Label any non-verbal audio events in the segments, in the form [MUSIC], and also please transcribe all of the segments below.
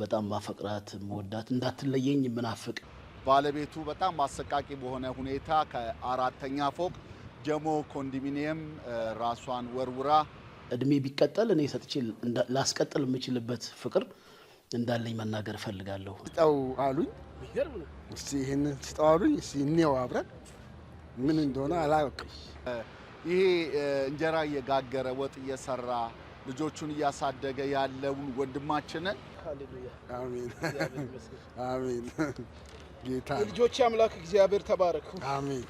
በጣም ማፈቅራት መወዳት እንዳትለየኝ ምናፍቅ ባለቤቱ በጣም አሰቃቂ በሆነ ሁኔታ ከአራተኛ ፎቅ ጀሞ ኮንዶሚኒየም ራሷን ወርውራ እድሜ ቢቀጠል እኔ ሰጥቼ ላስቀጥል የምችልበት ፍቅር እንዳለኝ መናገር እፈልጋለሁ። ስጠው አሉኝ። እስቲ ይህን ስጠው አሉኝ። እስቲ እኔው አብረን ምን እንደሆነ አላውቅም። ይሄ እንጀራ እየጋገረ ወጥ እየሰራ ልጆቹን እያሳደገ ያለውን ወንድማችንን አሜን። ጌታ ልጆች አምላክ እግዚአብሔር ተባረክ። አሜን።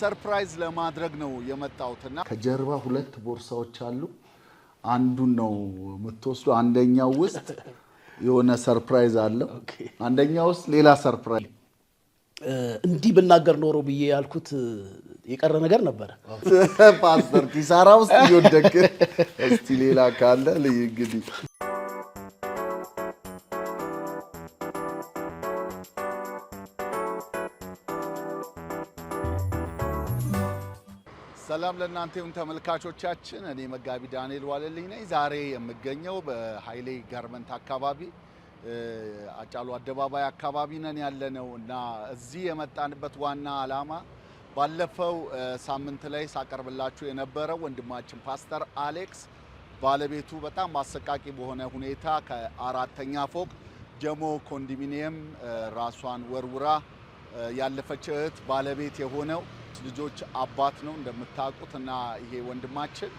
ሰርፕራይዝ ለማድረግ ነው የመጣሁትና ከጀርባ ሁለት ቦርሳዎች አሉ። አንዱን ነው የምትወስዱ። አንደኛው ውስጥ የሆነ ሰርፕራይዝ አለው፣ አንደኛው ውስጥ ሌላ ሰርፕራይዝ። እንዲህ ብናገር ኖሮ ብዬ ያልኩት የቀረ ነገር ነበረ። ፓስተር ኪሳራ ውስጥ እየወደቅን እስቲ ሌላ ካለ ልይ እንግዲህ ሰላም ለእናንተ ይሁን ተመልካቾቻችን። እኔ መጋቢ ዳንኤል ዋለልኝ ነኝ። ዛሬ የምገኘው በሀይሌ ጋርመንት አካባቢ አጫሉ አደባባይ አካባቢ ነን ነው እና እዚህ የመጣንበት ዋና ዓላማ ባለፈው ሳምንት ላይ ሳቀርብላችሁ የነበረው ወንድማችን ፓስተር አሌክስ ባለቤቱ በጣም አሰቃቂ በሆነ ሁኔታ ከአራተኛ ፎቅ ጀሞ ኮንዶሚኒየም ራሷን ወርውራ ያለፈች እህት ባለቤት የሆነው ልጆች አባት ነው እንደምታውቁት እና ይሄ ወንድማችን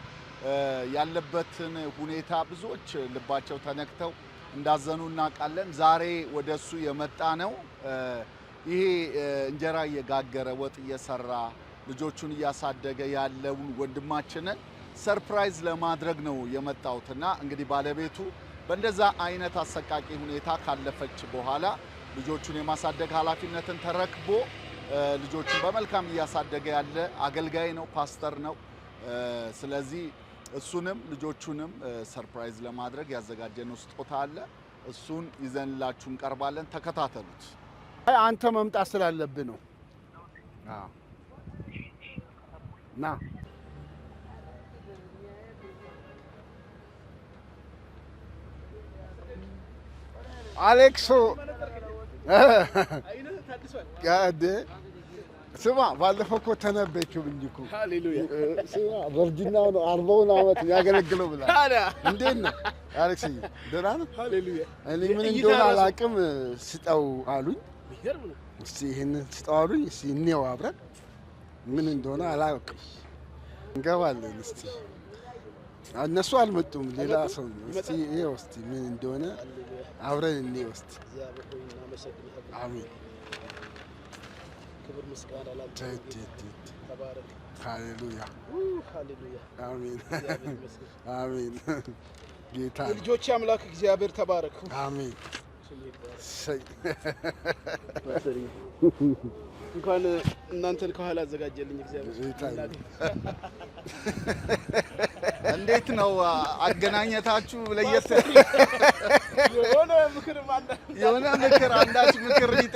ያለበትን ሁኔታ ብዙዎች ልባቸው ተነክተው እንዳዘኑ እናውቃለን። ዛሬ ወደ እሱ የመጣ ነው። ይሄ እንጀራ እየጋገረ ወጥ እየሰራ ልጆቹን እያሳደገ ያለውን ወንድማችንን ሰርፕራይዝ ለማድረግ ነው የመጣሁት እና እንግዲህ ባለቤቱ በእንደዛ አይነት አሰቃቂ ሁኔታ ካለፈች በኋላ ልጆቹን የማሳደግ ኃላፊነትን ተረክቦ ልጆቹን በመልካም እያሳደገ ያለ አገልጋይ ነው፣ ፓስተር ነው። ስለዚህ እሱንም ልጆቹንም ሰርፕራይዝ ለማድረግ ያዘጋጀነው ስጦታ አለ። እሱን ይዘንላችሁ እንቀርባለን። ተከታተሉት። አንተ መምጣት ስላለብህ ነው። ና አሌክሶ ስማ ባለፈው እኮ ተነበይኩ ብኝ እኮ ስማ በእርጅናው ነው አርባውን ዓመት ያገለግለው ብላ እንዴት ነው አሌክስዬ? ደህና ነው። እኔ ምን እንደሆነ አላውቅም። ስጠው አሉኝ። እስኪ ይህንን ስጠው አሉኝ። እስኪ እኔው አብረን ምን እንደሆነ አላውቅም። እንገባለን እስኪ እነሱ አልመጡም። ሌላ ሰው ነው። እስኪ ይኸው እስኪ ምን እንደሆነ አብረን እንወስድ። አሜን። ክብር ምስጋና ላንተ። ተባረክ። ሃሌሉያ አሜን። አሜን። ጌታ ልጆች አምላክ እግዚአብሔር ተባረክ። አሜን። እንኳን እናንተን ከኋላ አዘጋጀልኝ እግዚአብሔር። እንዴት ነው አገናኘታችሁ? ለየት የሆነ ምክር አንዳች ምክር ሊጤ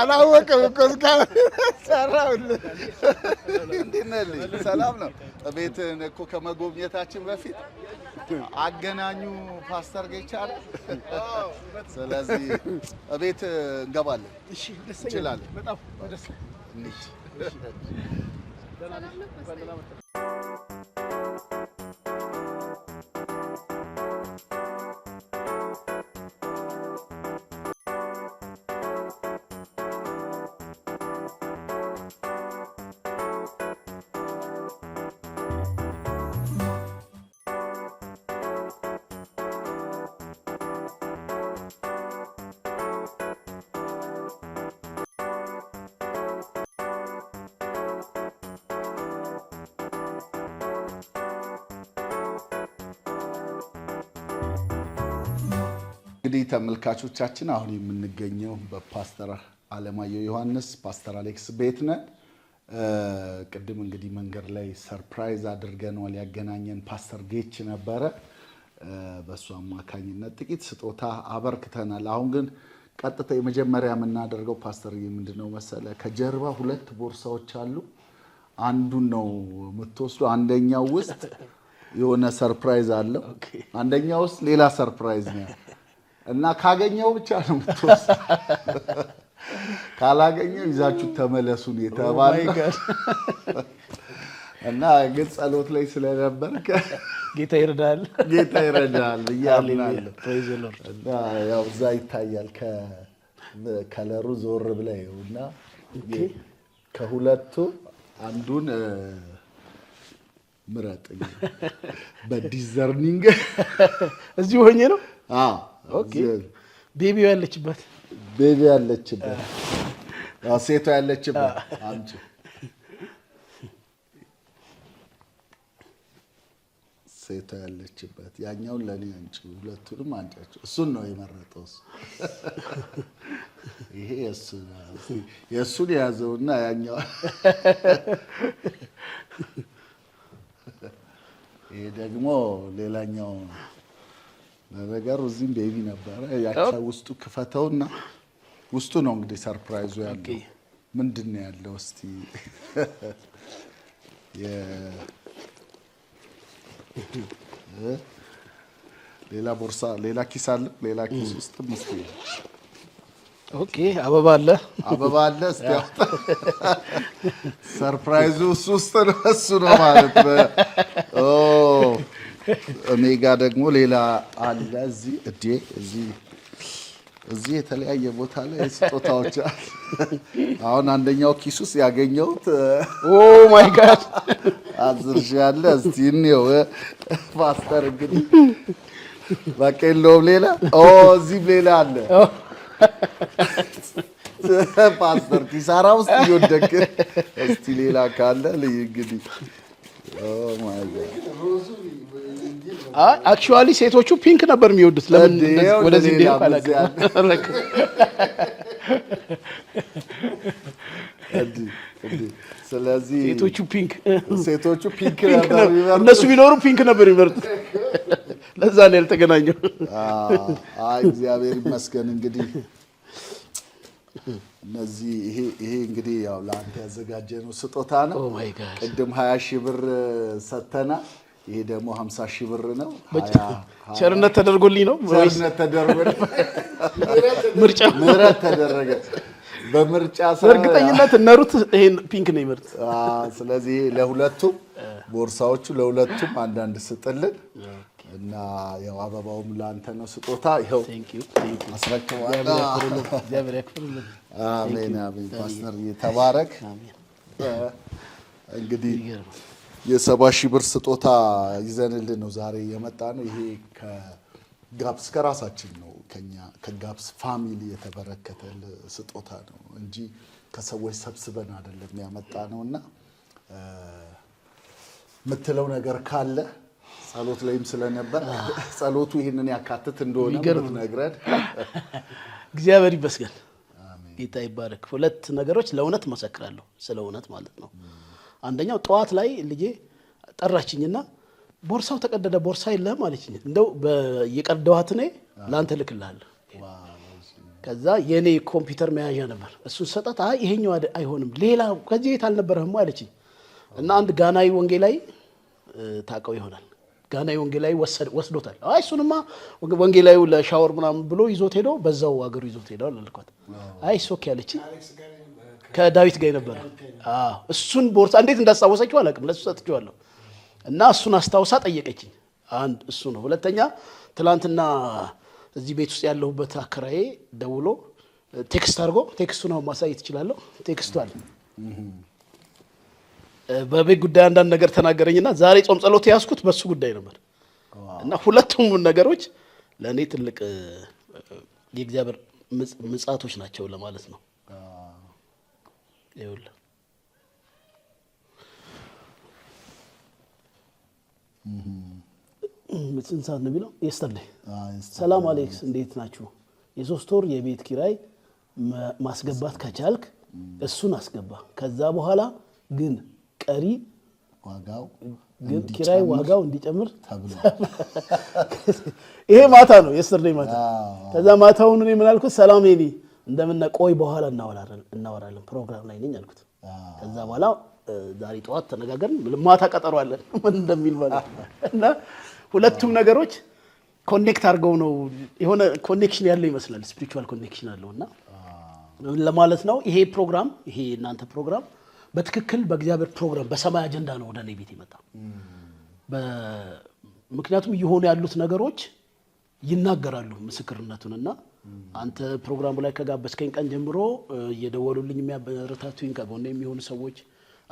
አላወቅም እኮ እስካሁን ሰራሁልህ። እንዴት ነህ? ሰላም ነው። ቤትህን እኮ ከመጎብኘታችን በፊት አገናኙ ፓስተር ገይቻል። ስለዚህ ቤት እንገባለን እንችላለን። እንግዲህ ተመልካቾቻችን አሁን የምንገኘው በፓስተር አለማየሁ ዮሐንስ ፓስተር አሌክስ ቤት ነን። ቅድም እንግዲህ መንገድ ላይ ሰርፕራይዝ አድርገነዋል። ያገናኘን ፓስተር ጌች ነበረ። በእሱ አማካኝነት ጥቂት ስጦታ አበርክተናል። አሁን ግን ቀጥታ የመጀመሪያ የምናደርገው ፓስተር ምንድን መሰለ፣ ከጀርባ ሁለት ቦርሳዎች አሉ። አንዱን ነው የምትወስዱ። አንደኛው ውስጥ የሆነ ሰርፕራይዝ አለው፣ አንደኛው ውስጥ ሌላ ሰርፕራይዝ ነው። እና ካገኘው ብቻ ነው ምትወስ [LAUGHS] ካላገኘው ይዛችሁ ተመለሱን የተባለ oh [LAUGHS] እና ግን ጸሎት ላይ ስለነበር [LAUGHS] ጌታ ይረዳል፣ ጌታ ይረዳል እያምናለሁ። እዛ ይታያል። ከለሩ ዞር ብለ እና ከሁለቱ አንዱን ምረጥ። በዲዘርኒንግ እዚህ ሆኜ ነው ቤቢው ያለችበት ቤቢ ያለችበት [LAUGHS] ሴቷ ያለችበት አምጪ ሴቷ ያለችበት ያኛውን ለእኔ አንጭ፣ ሁለቱንም አንጫቸው። እሱን ነው የመረጠው። ይሄ የእሱን የያዘውና ያኛው [LAUGHS] ይሄ ደግሞ ሌላኛው ለነገሩ እዚህም ቤቢ ነበረ። ያቻ ውስጡ ክፈተውና ውስጡ ነው እንግዲህ ሰርፕራይዙ ያለው ምንድን ነው ያለው? እስቲ [LAUGHS] ሌላ ቦርሳ፣ ሌላ ኪስ አለ። ሌላ ኪስ ውስጥ እስቲ ኦኬ፣ አበባ አለ፣ አበባ አለ። እስቲ [LAUGHS] ሰርፕራይዙ እሱ ውስጥ ነው፣ እሱ ነው ማለት [LAUGHS] ኦ እኔ ጋ ደግሞ ሌላ አለ። እዚህ እዴ እዚህ እዚህ የተለያየ ቦታ ላይ ስጦታዎች አሁን አንደኛው ኪስ ውስጥ ያገኘሁት ኦ ማይ ጋድ አዝርሽ ያለ እስቲ እንየው። ፓስተር እንግዲህ በቃ የለውም ሌላ። ኦ እዚህም ሌላ አለ። ፓስተር ኪሳራ ውስጥ እየወደቅ እስቲ ሌላ ካለ ልይ እንግዲህ ኦ ማይ ጋድ አክቹዋሊ ሴቶቹ ፒንክ ነበር የሚወዱት። ለምን ወደዚህ እንዲህ [LAUGHS] ስለዚህ ሴቶቹ ፒንክ ሴቶቹ ፒንክ [LAUGHS] ነበር እነሱ ቢኖሩ ፒንክ ነበር ይመርጡት። [LAUGHS] ለዛ ነው ያልተገናኘው። እግዚአብሔር ይመስገን። እንግዲህ እነዚህ ይሄ ይሄ እንግዲህ ያው ለአንተ ያዘጋጀነው ስጦታ ነው። oh ቅድም ሀያ ሺህ ብር ሰተና ይሄ ደግሞ 50 ሺህ ብር ነው። ቸርነት ተደርጎልኝ ነው። ቸርነት ተደርጎልኝ ምርጫ ምሕረት ተደረገ። በምርጫ እርግጠኝነት እነሩት ይሄን ፒንክ ነው ይመርጥ። ስለዚህ ለሁለቱም ቦርሳዎቹ ለሁለቱም አንዳንድ ስጥልን እና ያው አበባውም ለአንተ ነው ስጦታ። ይኸው አስረክበዋል። አሜን አሜን። ፓስተር ተባረክ እንግዲህ የሰባ ሺህ ብር ስጦታ ይዘንልን ነው ዛሬ የመጣ ነው። ይሄ ከጋብስ ከራሳችን ነው ከኛ ከጋፕስ ፋሚሊ የተበረከተ ስጦታ ነው እንጂ ከሰዎች ሰብስበን አይደለም ያመጣ ነው እና የምትለው ነገር ካለ ጸሎት ላይም ስለነበር [LAUGHS] ጸሎቱ ይህንን ያካትት እንደሆነ ብትነግረን። [LAUGHS] እግዚአብሔር ይመስገን፣ ጌታ ይባረክ። ሁለት ነገሮች ለእውነት መሰክራለሁ፣ ስለ እውነት ማለት ነው አንደኛው ጠዋት ላይ ልጄ ጠራችኝና ቦርሳው ተቀደደ፣ ቦርሳ የለህም አለችኝ። እንደው የቀደዋት እኔ ለአንተ እልክልሃለሁ። ከዛ የእኔ ኮምፒውተር መያዣ ነበር፣ እሱን ሰጣት። አይ ይሄኛው አይሆንም፣ ሌላ ከዚህ የት አልነበረህም አለችኝ። እና አንድ ጋናዊ ወንጌ ላይ ታውቀው ይሆናል ጋናዊ ወንጌ ላይ ወስዶታል። አይ እሱንማ ወንጌላዊው ለሻወር ምናምን ብሎ ይዞት ሄዶ በዛው አገሩ ይዞት ሄደው አልኳት። አይ ሶኬ አለችኝ። ከዳዊት ጋር የነበረ እሱን ቦርሳ እንዴት እንዳስታወሰችው አላውቅም። ለሱ ሰጥቼዋለሁ እና እሱን አስታውሳ ጠየቀችኝ። አንድ እሱ ነው። ሁለተኛ ትላንትና እዚህ ቤት ውስጥ ያለሁበት አከራዬ ደውሎ ቴክስት አድርጎ ቴክስቱን ነው ማሳየት እችላለሁ። ቴክስቱ አለ። በቤት ጉዳይ አንዳንድ ነገር ተናገረኝና ዛሬ ጾም ጸሎት ያስኩት በሱ ጉዳይ ነበር እና ሁለቱም ነገሮች ለእኔ ትልቅ የእግዚአብሔር ምጻቶች ናቸው ለማለት ነው። ይውል ስንት ሰዓት ነው የሚለው? የስተርዴይ ሰላም አሌክስ፣ እንዴት ናችሁ? የሶስት ወር የቤት ኪራይ ማስገባት ከቻልክ እሱን አስገባ። ከዛ በኋላ ግን ቀሪ ኪራይ ዋጋው እንዲጨምር [LAUGHS] ይሄ ማታ ነው የስተርዴይ ማታ። ከዛ ማታውን እኔ ምን አልኩት? ሰላም ኔ እንደምና ቆይ በኋላ እናወራለን ፕሮግራም ላይ ነኝ አልኩት። ከዛ በኋላ ዛሬ ጠዋት ተነጋገርን፣ ማታ ቀጠሯለን [LAUGHS] ምን እንደሚል ማለት እና ሁለቱም ነገሮች ኮኔክት አድርገው ነው የሆነ ኮኔክሽን ያለው ይመስላል። ስፒሪቹዋል ኮኔክሽን አለው እና ለማለት ነው ይሄ ፕሮግራም ይሄ እናንተ ፕሮግራም በትክክል በእግዚአብሔር ፕሮግራም በሰማይ አጀንዳ ነው ወደ እኔ ቤት የመጣ። ምክንያቱም እየሆኑ ያሉት ነገሮች ይናገራሉ ምስክርነቱን እና አንተ ፕሮግራሙ ላይ ከጋበዝከኝ ቀን ጀምሮ እየደወሉልኝ የሚያበረታቱኝ ከጎን የሚሆኑ ሰዎች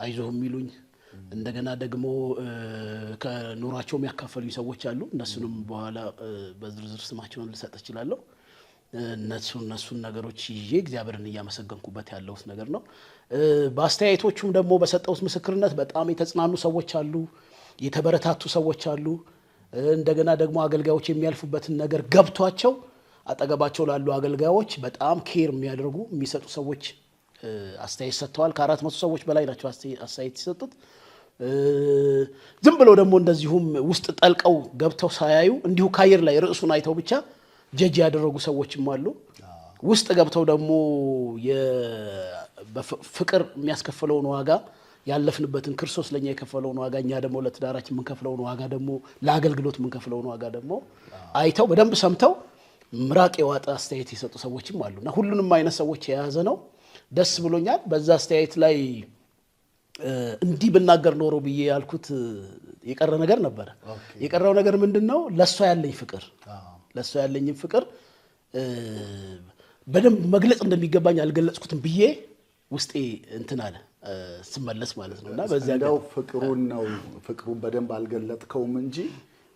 አይዞህ የሚሉኝ እንደገና ደግሞ ከኑሯቸው የሚያካፈሉኝ ሰዎች አሉ። እነሱንም በኋላ በዝርዝር ስማቸውን ልሰጥ እችላለሁ። እነሱ እነሱን ነገሮች ይዤ እግዚአብሔርን እያመሰገንኩበት ያለሁት ነገር ነው። በአስተያየቶቹም ደግሞ በሰጠሁት ምስክርነት በጣም የተጽናኑ ሰዎች አሉ፣ የተበረታቱ ሰዎች አሉ። እንደገና ደግሞ አገልጋዮች የሚያልፉበትን ነገር ገብቷቸው አጠገባቸው ላሉ አገልጋዮች በጣም ኬር የሚያደርጉ የሚሰጡ ሰዎች አስተያየት ሰጥተዋል። ከአራት መቶ ሰዎች በላይ ናቸው አስተያየት ሲሰጡት። ዝም ብለው ደግሞ እንደዚሁም ውስጥ ጠልቀው ገብተው ሳያዩ እንዲሁ ከአየር ላይ ርዕሱን አይተው ብቻ ጀጅ ያደረጉ ሰዎችም አሉ። ውስጥ ገብተው ደግሞ ፍቅር የሚያስከፍለውን ዋጋ ያለፍንበትን ክርስቶስ ለኛ የከፈለውን ዋጋ እኛ ደግሞ ለትዳራችን የምንከፍለውን ዋጋ ደግሞ ለአገልግሎት የምንከፍለውን ዋጋ ደግሞ አይተው በደንብ ሰምተው ምራቅ የዋጠ አስተያየት የሰጡ ሰዎችም አሉ እና ሁሉንም አይነት ሰዎች የያዘ ነው። ደስ ብሎኛል። በዛ አስተያየት ላይ እንዲህ ብናገር ኖሮ ብዬ ያልኩት የቀረ ነገር ነበረ። የቀረው ነገር ምንድን ነው? ለእሷ ያለኝ ፍቅር ለእሷ ያለኝም ፍቅር በደንብ መግለጽ እንደሚገባኝ አልገለጽኩትም ብዬ ውስጤ እንትን አለ ስመለስ ማለት ነው እና በዚያ ፍቅሩን ነው ፍቅሩን በደንብ አልገለጥከውም እንጂ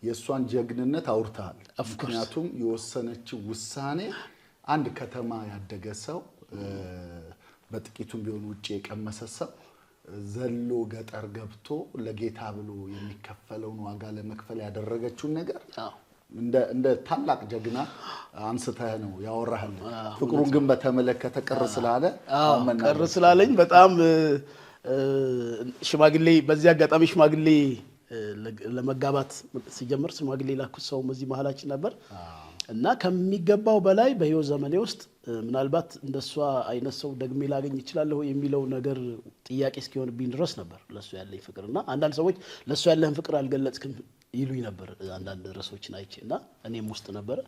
የእሷን ጀግንነት አውርተሃል። ምክንያቱም የወሰነችው ውሳኔ አንድ ከተማ ያደገ ሰው በጥቂቱም ቢሆን ውጭ የቀመሰ ሰው ዘሎ ገጠር ገብቶ ለጌታ ብሎ የሚከፈለውን ዋጋ ለመክፈል ያደረገችውን ነገር እንደ ታላቅ ጀግና አንስተህ ነው ያወራህል። ፍቅሩን ግን በተመለከተ ቅር ስላለ ቅር ስላለኝ በጣም ሽማግሌ በዚህ አጋጣሚ ሽማግሌ ለመጋባት ሲጀምር ሽማግሌ ላኩት ሰው እዚህ መሀላችን ነበር እና ከሚገባው በላይ በህይወት ዘመኔ ውስጥ ምናልባት እንደሷ አይነት ሰው ደግሜ ላገኝ ይችላለሁ የሚለው ነገር ጥያቄ እስኪሆንብኝ ድረስ ነበር ለሱ ያለኝ ፍቅር እና አንዳንድ ሰዎች ለእሱ ያለህን ፍቅር አልገለጽክም ይሉኝ ነበር አንዳንድ ርዕሶችን አይቼ እና እኔም ውስጥ ነበረ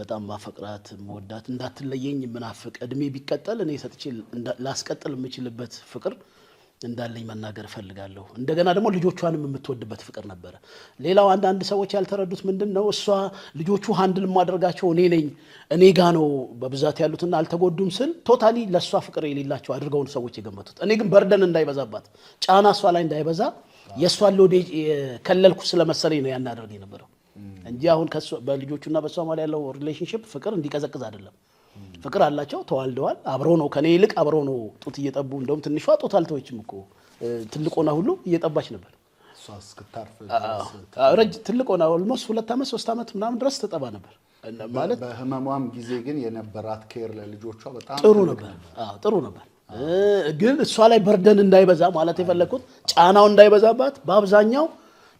በጣም ማፈቅራት መወዳት እንዳትለየኝ ምናፍቅ እድሜ ቢቀጠል እኔ ሰጥቼ ላስቀጥል የምችልበት ፍቅር እንዳለኝ መናገር እፈልጋለሁ። እንደገና ደግሞ ልጆቿንም የምትወድበት ፍቅር ነበረ። ሌላው አንዳንድ ሰዎች ያልተረዱት ምንድን ነው፣ እሷ ልጆቹ ሀንድል የማደርጋቸው እኔ ነኝ፣ እኔ ጋ ነው በብዛት ያሉትና አልተጎዱም ስል ቶታሊ ለእሷ ፍቅር የሌላቸው አድርገውን ሰዎች የገመቱት። እኔ ግን በርደን እንዳይበዛባት ጫና እሷ ላይ እንዳይበዛ የእሷን ሎዴ ከለልኩ ስለመሰለኝ ነው ያናደርግ የነበረው እንጂ አሁን በልጆቹና በእሷ መሀል ያለው ሪሌሽንሽፕ ፍቅር እንዲቀዘቅዝ አይደለም። ፍቅር አላቸው፣ ተዋልደዋል። አብሮ ነው ከኔ ይልቅ አብሮ ነው ጡት እየጠቡ እንደውም ትንሿ ጡት አልተወችም እኮ ትልቅ ሆና ሁሉ እየጠባች ነበር። ትልቅ ሆና ኦልሞስት ሁለት ዓመት ሶስት ዓመት ምናምን ድረስ ተጠባ ነበር። ማለት በህመሟም ጊዜ ግን የነበራት ኬር ለልጆቿ በጣም ጥሩ ነበር፣ ጥሩ ነበር። ግን እሷ ላይ በርደን እንዳይበዛ ማለት የፈለግኩት ጫናው እንዳይበዛባት በአብዛኛው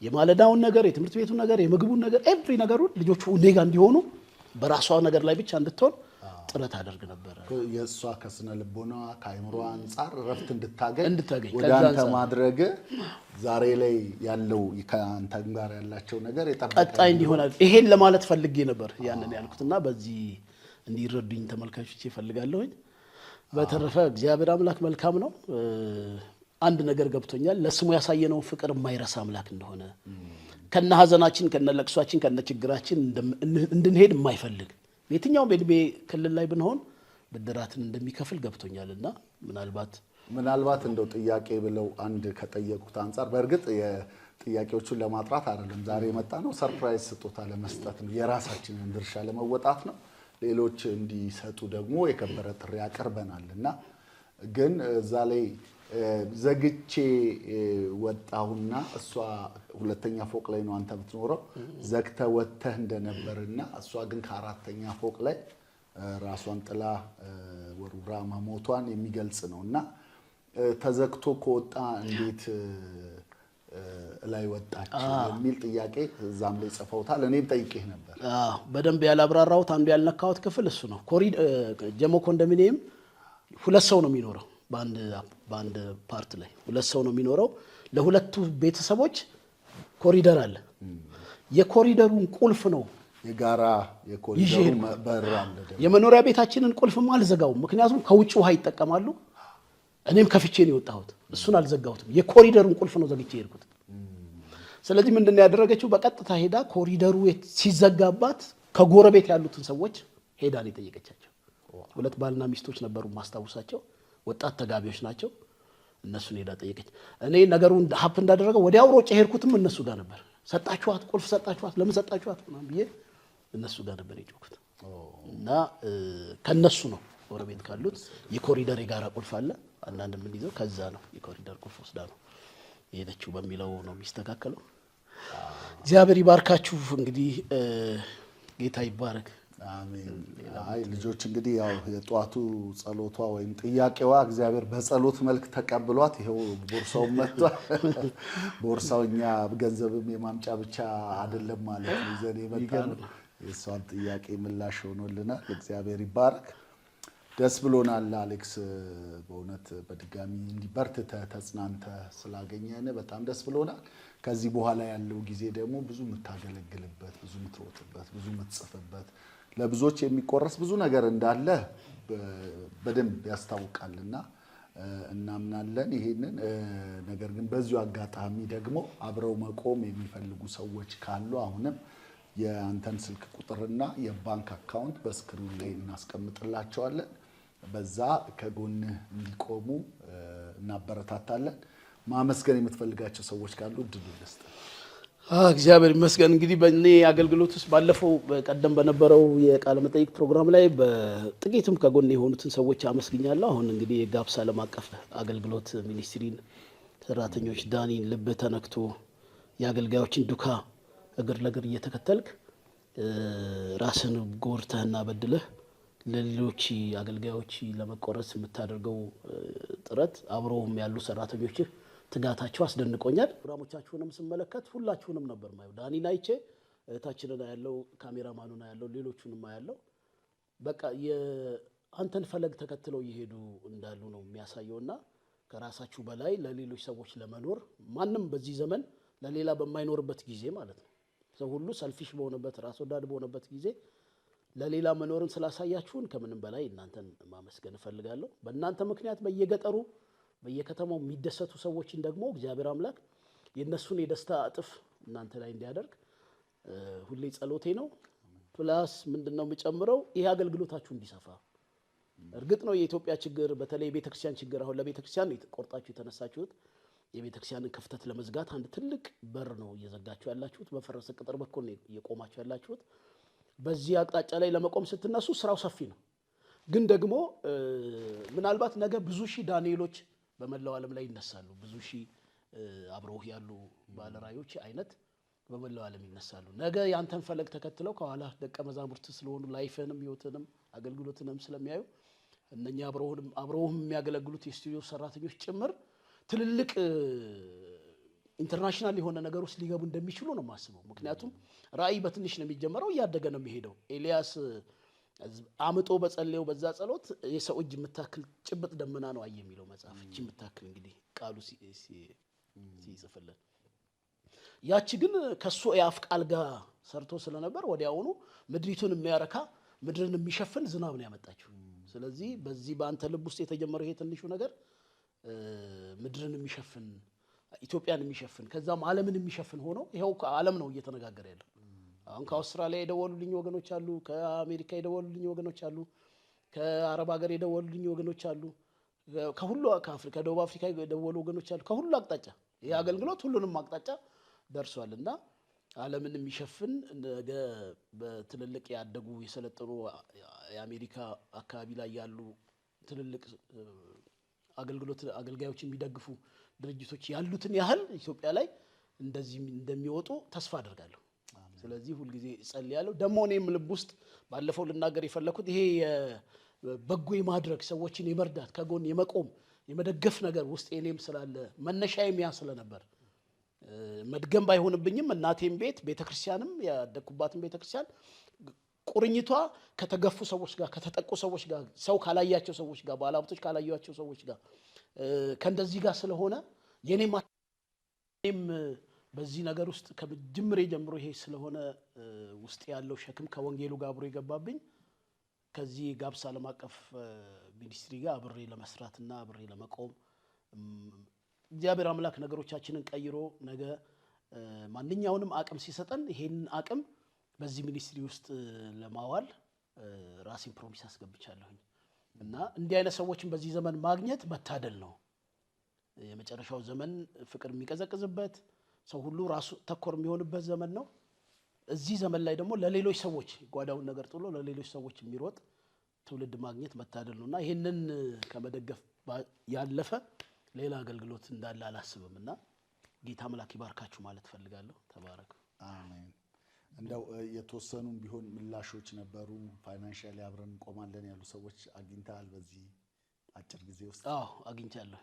የማለዳውን ነገር፣ የትምህርት ቤቱን ነገር፣ የምግቡን ነገር ኤቭሪ ነገሩን ልጆቹ እኔ ጋ እንዲሆኑ በራሷ ነገር ላይ ብቻ እንድትሆን ጥረት አደርግ ነበረ። የእሷ ከስነ ልቦና ከአይምሮ አንጻር እረፍት እንድታገኝ እንድታገኝ ወደ አንተ ማድረግ ዛሬ ላይ ያለው ከአንተ ጋር ያላቸው ነገር ቀጣይ እንዲሆናል ይሄን ለማለት ፈልጌ ነበር ያንን እና በዚህ እንዲረዱኝ ተመልካቾች ይፈልጋለሁኝ። በተረፈ እግዚአብሔር አምላክ መልካም ነው። አንድ ነገር ገብቶኛል። ለስሙ ያሳየነው ፍቅር የማይረሳ አምላክ እንደሆነ ከነ ሀዘናችን ከነ ለቅሷችን ከነ ችግራችን እንድንሄድ የማይፈልግ የትኛውም የዕድሜ ክልል ላይ ብንሆን ብድራትን እንደሚከፍል ገብቶኛል እና ምናልባት ምናልባት እንደው ጥያቄ ብለው አንድ ከጠየቁት አንጻር በእርግጥ ጥያቄዎቹን ለማጥራት አይደለም ዛሬ የመጣ ነው። ሰርፕራይዝ ስጦታ ለመስጠት ነው፣ የራሳችንን ድርሻ ለመወጣት ነው። ሌሎች እንዲሰጡ ደግሞ የከበረ ጥሪ አቅርበናል እና ግን እዛ ላይ ዘግቼ ወጣሁና እሷ ሁለተኛ ፎቅ ላይ ነው አንተ የምትኖረው። ዘግተ ወጥተህ እንደነበርና እሷ ግን ከአራተኛ ፎቅ ላይ ራሷን ጥላ ወርውራ መሞቷን የሚገልጽ ነው እና ተዘግቶ ከወጣ እንዴት ላይ ወጣች የሚል ጥያቄ እዛም ላይ ጽፈውታል። እኔም ጠይቄህ ነበር። በደንብ ያላብራራሁት አንዱ ያልነካሁት ክፍል እሱ ነው። ጀሞ ኮንዶሚኒየም ሁለት ሰው ነው የሚኖረው በአንድ ፓርት ላይ ሁለት ሰው ነው የሚኖረው። ለሁለቱ ቤተሰቦች ኮሪደር አለ። የኮሪደሩን ቁልፍ ነው የጋራ የኮሪደሩ የመኖሪያ ቤታችንን ቁልፍም አልዘጋውም፣ ምክንያቱም ከውጭ ውሃ ይጠቀማሉ። እኔም ከፍቼ ነው የወጣሁት፣ እሱን አልዘጋሁትም። የኮሪደሩን ቁልፍ ነው ዘግቼ የሄድኩት። ስለዚህ ምንድን ያደረገችው? በቀጥታ ሄዳ ኮሪደሩ ሲዘጋባት ከጎረቤት ያሉትን ሰዎች ሄዳ ነው የጠየቀቻቸው። ሁለት ባልና ሚስቶች ነበሩ ማስታውሳቸው። ወጣት ተጋቢዎች ናቸው። እነሱን ሄዳ ጠየቀች። እኔ ነገሩን ሀፕ እንዳደረገ ወዲያው ሮጬ የሄድኩትም እነሱ ጋር ነበር። ሰጣችኋት፣ ቁልፍ ሰጣችኋት፣ ለምን ሰጣችኋት ምናምን ብዬ እነሱ ጋር ነበር የጮኩት እና ከነሱ ነው ጎረቤት ካሉት የኮሪደር የጋራ ቁልፍ አለ አንዳንድ የምንይዘው ከዛ ነው የኮሪደር ቁልፍ ወስዳ ነው የሄደችው በሚለው ነው የሚስተካከለው። እግዚአብሔር ይባርካችሁ። እንግዲህ ጌታ ይባረክ። አይ ልጆች እንግዲህ ያው የጠዋቱ ጸሎቷ ወይም ጥያቄዋ እግዚአብሔር በጸሎት መልክ ተቀብሏት ይኸው ቦርሳው መጥቷል። [LAUGHS] ቦርሳው እኛ ገንዘብም የማምጫ ብቻ አይደለም ማለት ነው ይዘን የመጣ ነው። የእሷን ጥያቄ ምላሽ ሆኖልናል። እግዚአብሔር ይባርክ። ደስ ብሎናል አሌክስ፣ በእውነት በድጋሚ እንዲበርትተህ ተጽናንተ ስላገኘን በጣም ደስ ብሎናል። ከዚህ በኋላ ያለው ጊዜ ደግሞ ብዙ የምታገለግልበት፣ ብዙ የምትሮጥበት፣ ብዙ የምትጽፍበት ለብዙዎች የሚቆረስ ብዙ ነገር እንዳለ በደንብ ያስታውቃልና እናምናለን ይሄንን። ነገር ግን በዚሁ አጋጣሚ ደግሞ አብረው መቆም የሚፈልጉ ሰዎች ካሉ አሁንም የአንተን ስልክ ቁጥርና የባንክ አካውንት በስክሪኑ ላይ እናስቀምጥላቸዋለን። በዛ ከጎንህ እንዲቆሙ እናበረታታለን። ማመስገን የምትፈልጋቸው ሰዎች ካሉ እድሉ ልስጥ። እግዚአብሔር ይመስገን። እንግዲህ በእኔ አገልግሎት ውስጥ ባለፈው ቀደም በነበረው የቃለ መጠይቅ ፕሮግራም ላይ በጥቂትም ከጎን የሆኑትን ሰዎች አመስግኛለሁ። አሁን እንግዲህ የጋብስ ዓለም አቀፍ አገልግሎት ሚኒስትሪን ሰራተኞች ዳኒን ልብ ተነክቶ የአገልጋዮችን ዱካ እግር ለእግር እየተከተልክ ራስን ጎርተህና በድለህ ለሌሎች አገልጋዮች ለመቆረስ የምታደርገው ጥረት አብረውም ያሉ ሰራተኞችህ ትጋታቸው አስደንቆኛል። ፕሮግራሞቻችሁንም ስመለከት ሁላችሁንም ነበር ማየው። ዳኒን አይቼ እህታችንን ያለው ካሜራማኑን ያለው ሌሎቹንም ያለው በቃ የአንተን ፈለግ ተከትለው እየሄዱ እንዳሉ ነው የሚያሳየው እና ከራሳችሁ በላይ ለሌሎች ሰዎች ለመኖር ማንም በዚህ ዘመን ለሌላ በማይኖርበት ጊዜ ማለት ነው ሰው ሁሉ ሰልፊሽ በሆነበት ራስ ወዳድ በሆነበት ጊዜ ለሌላ መኖርን ስላሳያችሁን ከምንም በላይ እናንተን ማመስገን እፈልጋለሁ። በእናንተ ምክንያት በየገጠሩ በየከተማው የሚደሰቱ ሰዎችን ደግሞ እግዚአብሔር አምላክ የእነሱን የደስታ እጥፍ እናንተ ላይ እንዲያደርግ ሁሌ ጸሎቴ ነው። ፕላስ ምንድን ነው የምጨምረው ይሄ አገልግሎታችሁ እንዲሰፋ። እርግጥ ነው የኢትዮጵያ ችግር በተለይ የቤተክርስቲያን ችግር፣ አሁን ለቤተክርስቲያን ቆርጣችሁ የተነሳችሁት የቤተክርስቲያንን ክፍተት ለመዝጋት አንድ ትልቅ በር ነው እየዘጋችሁ ያላችሁት። በፈረሰ ቅጥር በኩል ነው እየቆማችሁ ያላችሁት። በዚህ አቅጣጫ ላይ ለመቆም ስትነሱ ስራው ሰፊ ነው። ግን ደግሞ ምናልባት ነገ ብዙ ሺህ ዳንኤሎች በመላው ዓለም ላይ ይነሳሉ። ብዙ ሺህ አብረውህ ያሉ ባለራዮች አይነት በመላው ዓለም ይነሳሉ። ነገ ያንተን ፈለግ ተከትለው ከኋላ ደቀ መዛሙርት ስለሆኑ ላይፍንም ህይወትንም አገልግሎትንም ስለሚያዩ እነኛ አብረውህም የሚያገለግሉት የስቱዲዮ ሰራተኞች ጭምር ትልልቅ ኢንተርናሽናል የሆነ ነገር ውስጥ ሊገቡ እንደሚችሉ ነው የማስበው። ምክንያቱም ራዕይ በትንሽ ነው የሚጀመረው፣ እያደገ ነው የሚሄደው። ኤልያስ አምጦ በጸለየው በዛ ጸሎት የሰው እጅ የምታክል ጭብጥ ደመና ነው አየ የሚለው መጽሐፍ እጅ የምታክል እንግዲህ ቃሉ ሲጽፍልን ያቺ ግን ከሱ የአፍ ቃል ጋር ሰርቶ ስለነበር ወዲያውኑ ምድሪቱን የሚያረካ ምድርን የሚሸፍን ዝናብ ነው ያመጣችው። ስለዚህ በዚህ በአንተ ልብ ውስጥ የተጀመረው ይሄ ትንሹ ነገር ምድርን የሚሸፍን ኢትዮጵያን የሚሸፍን ከዛም ዓለምን የሚሸፍን ሆኖ ይኸው ዓለም ነው እየተነጋገረ ያለው። አሁን ከአውስትራሊያ የደወሉልኝ ወገኖች አሉ። ከአሜሪካ የደወሉልኝ ወገኖች አሉ። ከአረብ ሀገር የደወሉልኝ ወገኖች አሉ። ከሁሉ ከአፍሪካ ደቡብ አፍሪካ የደወሉ ወገኖች አሉ። ከሁሉ አቅጣጫ ይህ አገልግሎት ሁሉንም አቅጣጫ ደርሷል እና ዓለምን የሚሸፍን ነገ በትልልቅ ያደጉ የሰለጠኑ የአሜሪካ አካባቢ ላይ ያሉ ትልልቅ አገልግሎት አገልጋዮች የሚደግፉ ድርጅቶች ያሉትን ያህል ኢትዮጵያ ላይ እንደዚህ እንደሚወጡ ተስፋ አደርጋለሁ። ስለዚህ ሁልጊዜ እጸልያለሁ። ደግሞ እኔም ልብ ውስጥ ባለፈው ልናገር የፈለኩት ይሄ በጎ የማድረግ ሰዎችን የመርዳት ከጎን የመቆም የመደገፍ ነገር ውስጥ እኔም ስላለ መነሻዬም ያ ስለነበር መድገም ባይሆንብኝም እናቴም ቤት ቤተክርስቲያንም ያደግኩባትን ቤተክርስቲያን ቁርኝቷ ከተገፉ ሰዎች ጋር ከተጠቁ ሰዎች ጋር ሰው ካላያቸው ሰዎች ጋር ባለሀብቶች ካላያቸው ሰዎች ጋር ከእንደዚህ ጋር ስለሆነ የኔም በዚህ ነገር ውስጥ ከጅምሬ ጀምሮ ይሄ ስለሆነ ውስጥ ያለው ሸክም ከወንጌሉ ጋር አብሮ የገባብኝ ከዚህ ጋብስ ዓለም አቀፍ ሚኒስትሪ ጋር አብሬ ለመስራትና አብሬ ለመቆም እግዚአብሔር አምላክ ነገሮቻችንን ቀይሮ ነገ ማንኛውንም አቅም ሲሰጠን ይሄንን አቅም በዚህ ሚኒስትሪ ውስጥ ለማዋል ራሴን ፕሮሚስ አስገብቻለሁኝ እና እንዲህ አይነት ሰዎችን በዚህ ዘመን ማግኘት መታደል ነው። የመጨረሻው ዘመን ፍቅር የሚቀዘቅዝበት ሰው ሁሉ ራሱ ተኮር የሚሆንበት ዘመን ነው። እዚህ ዘመን ላይ ደግሞ ለሌሎች ሰዎች ጓዳውን ነገር ጥሎ ለሌሎች ሰዎች የሚሮጥ ትውልድ ማግኘት መታደል ነው እና ይህንን ከመደገፍ ያለፈ ሌላ አገልግሎት እንዳለ አላስብም እና ጌታ አምላክ ይባርካችሁ ማለት ፈልጋለሁ ተባረክ። አሜን። እንደው የተወሰኑም ቢሆን ምላሾች ነበሩ። ፋይናንሻሊ አብረን እንቆማለን ያሉ ሰዎች አግኝተሃል? በዚህ አጭር ጊዜ ውስጥ? አዎ አግኝቻለሁ።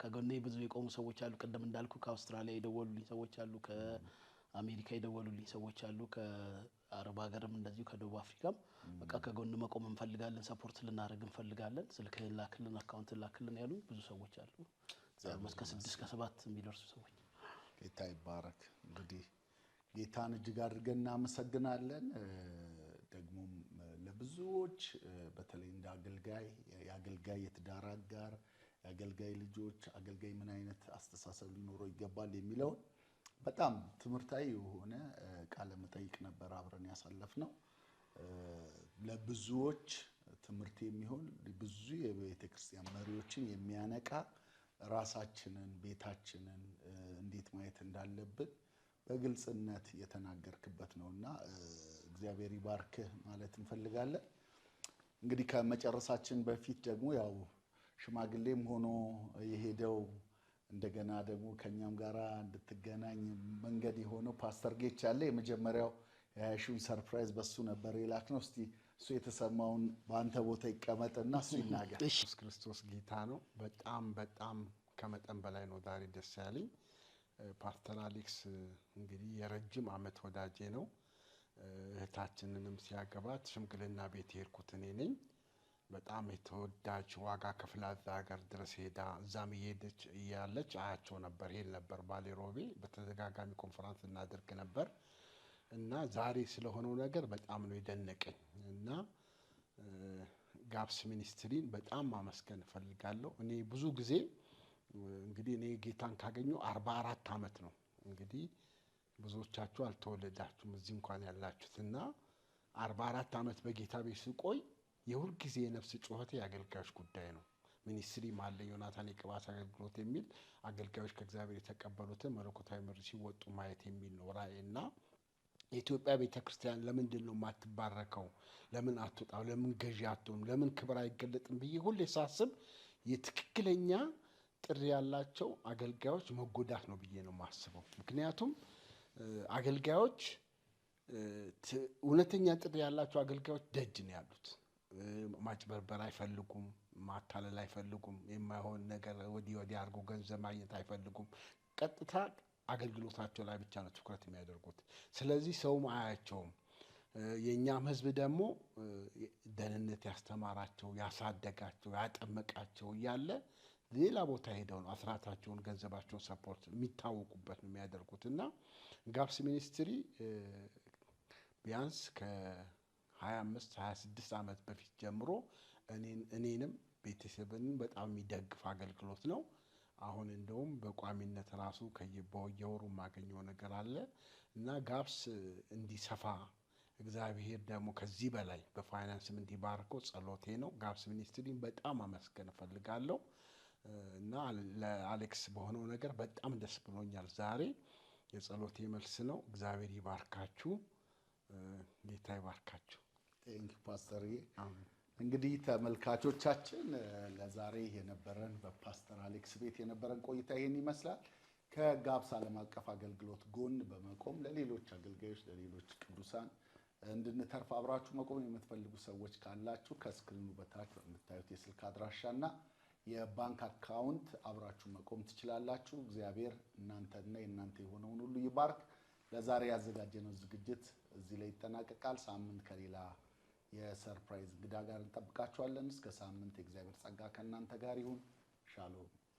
ከጎኔ ብዙ የቆሙ ሰዎች አሉ። ቅድም እንዳልኩ ከአውስትራሊያ የደወሉልኝ ሰዎች አሉ፣ ከአሜሪካ የደወሉልኝ ሰዎች አሉ፣ ከአረብ ሀገርም እንደዚሁ ከደቡብ አፍሪካም በቃ ከጎን መቆም እንፈልጋለን፣ ሰፖርት ልናደርግ እንፈልጋለን፣ ስልክህን ላክልን፣ አካውንት ላክልን ያሉ ብዙ ሰዎች አሉ። እስከ ስድስት ከሰባት የሚደርሱ ሰዎች ጌታ ይባረክ። እንግዲህ ጌታን እጅግ አድርገን እናመሰግናለን። ደግሞም ለብዙዎች በተለይ እንደ አገልጋይ የአገልጋይ የትዳር አጋር የአገልጋይ ልጆች አገልጋይ ምን አይነት አስተሳሰብ ሊኖረው ይገባል የሚለውን በጣም ትምህርታዊ የሆነ ቃለ መጠይቅ ነበር አብረን ያሳለፍ ነው። ለብዙዎች ትምህርት የሚሆን ብዙ የቤተ ክርስቲያን መሪዎችን የሚያነቃ ራሳችንን፣ ቤታችንን እንዴት ማየት እንዳለብን በግልጽነት የተናገርክበት ነው እና እግዚአብሔር ይባርክህ ማለት እንፈልጋለን። እንግዲህ ከመጨረሳችን በፊት ደግሞ ያው ሽማግሌም ሆኖ የሄደው እንደገና ደግሞ ከእኛም ጋር እንድትገናኝ መንገድ የሆነው ፓስተር ጌች አለ። የመጀመሪያው የሀያሺውን ሰርፕራይዝ በሱ ነበር ነው። እስቲ እሱ የተሰማውን በአንተ ቦታ ይቀመጥና እሱ ይናገር። ኢየሱስ ክርስቶስ ጌታ ነው። በጣም በጣም ከመጠን በላይ ነው ዛሬ ደስ ያለኝ። ፓስተር አሌክስ እንግዲህ የረጅም ዓመት ወዳጄ ነው። እህታችንንም ሲያገባት ሽምግልና ቤት የሄድኩት እኔ ነኝ። በጣም የተወዳች ዋጋ ከፍላ እዛ ሀገር ድረስ ሄዳ እዛም እየሄደች እያለች አያቸው ነበር። ሄድ ነበር ባሌሮቤ በተደጋጋሚ ኮንፈራንስ እናደርግ ነበር እና ዛሬ ስለሆነው ነገር በጣም ነው የደነቀኝ እና ጋፕስ ሚኒስትሪን በጣም ማመስገን እፈልጋለሁ። እኔ ብዙ ጊዜ እንግዲህ እኔ ጌታን ካገኘ አርባ አራት ዓመት ነው እንግዲህ ብዙዎቻችሁ አልተወለዳችሁም እዚህ እንኳን ያላችሁትና አርባ አራት ዓመት በጌታ ቤት ስቆይ የሁልጊዜ የነፍስ ጩኸት የአገልጋዮች ጉዳይ ነው። ሚኒስትሪ ማለ ዮናታን የቅባት አገልግሎት የሚል አገልጋዮች ከእግዚአብሔር የተቀበሉትን መለኮታዊ ምር ሲወጡ ማየት የሚል ነው ራእይ እና የኢትዮጵያ ቤተ ክርስቲያን ለምንድን ነው የማትባረከው? ለምን አትጣው ለምን ገዢ አትሆኑ? ለምን ክብር አይገለጥም ብዬ ሁሌ ሳስብ የትክክለኛ ጥሪ ያላቸው አገልጋዮች መጎዳት ነው ብዬ ነው የማስበው። ምክንያቱም አገልጋዮች እውነተኛ ጥሪ ያላቸው አገልጋዮች ደጅ ነው ያሉት። ማጭበርበር አይፈልጉም፣ ማታለል አይፈልጉም፣ የማይሆን ነገር ወዲህ ወዲህ አድርጎ ገንዘብ ማግኘት አይፈልጉም። ቀጥታ አገልግሎታቸው ላይ ብቻ ነው ትኩረት የሚያደርጉት። ስለዚህ ሰውም አያቸውም። የእኛም ህዝብ ደግሞ ደህንነት ያስተማራቸው ያሳደጋቸው ያጠመቃቸው እያለ ሌላ ቦታ ሄደው ነው አስራታቸውን ገንዘባቸውን ሰፖርት የሚታወቁበት ነው የሚያደርጉት እና ጋፕስ ሚኒስትሪ ቢያንስ ከ 25 26 ዓመት በፊት ጀምሮ እኔንም ቤተሰብንም በጣም የሚደግፍ አገልግሎት ነው። አሁን እንደውም በቋሚነት ራሱ በየወሩ የማገኘው ነገር አለ እና ጋፕስ እንዲሰፋ እግዚአብሔር ደግሞ ከዚህ በላይ በፋይናንስም እንዲባርከው ጸሎቴ ነው። ጋፕስ ሚኒስትሪን በጣም አመስገን እፈልጋለሁ እና ለአሌክስ በሆነው ነገር በጣም ደስ ብሎኛል። ዛሬ የጸሎቴ መልስ ነው። እግዚአብሔር ይባርካችሁ፣ ጌታ ይባርካችሁ። ቴንክ ፓስተርዬ። እንግዲህ ተመልካቾቻችን ለዛሬ የነበረን በፓስተር አሌክስ ቤት የነበረን ቆይታ ይህን ይመስላል። ከጋብስ ዓለም አቀፍ አገልግሎት ጎን በመቆም ለሌሎች አገልጋዮች፣ ለሌሎች ቅዱሳን እንድንተርፍ አብራችሁ መቆም የምትፈልጉ ሰዎች ካላችሁ ከስክሪኑ በታች በምታዩት የስልክ አድራሻና የባንክ አካውንት አብራችሁ መቆም ትችላላችሁ። እግዚአብሔር እናንተና የእናንተ የሆነውን ሁሉ ይባርክ። ለዛሬ ያዘጋጀነው ዝግጅት እዚህ ላይ ይጠናቀቃል። ሳምንት ከሌላ የሰርፕራይዝ እንግዳ ጋር እንጠብቃችኋለን። እስከ ሳምንት የእግዚአብሔር ጸጋ ከእናንተ ጋር ይሁን። ሻሎም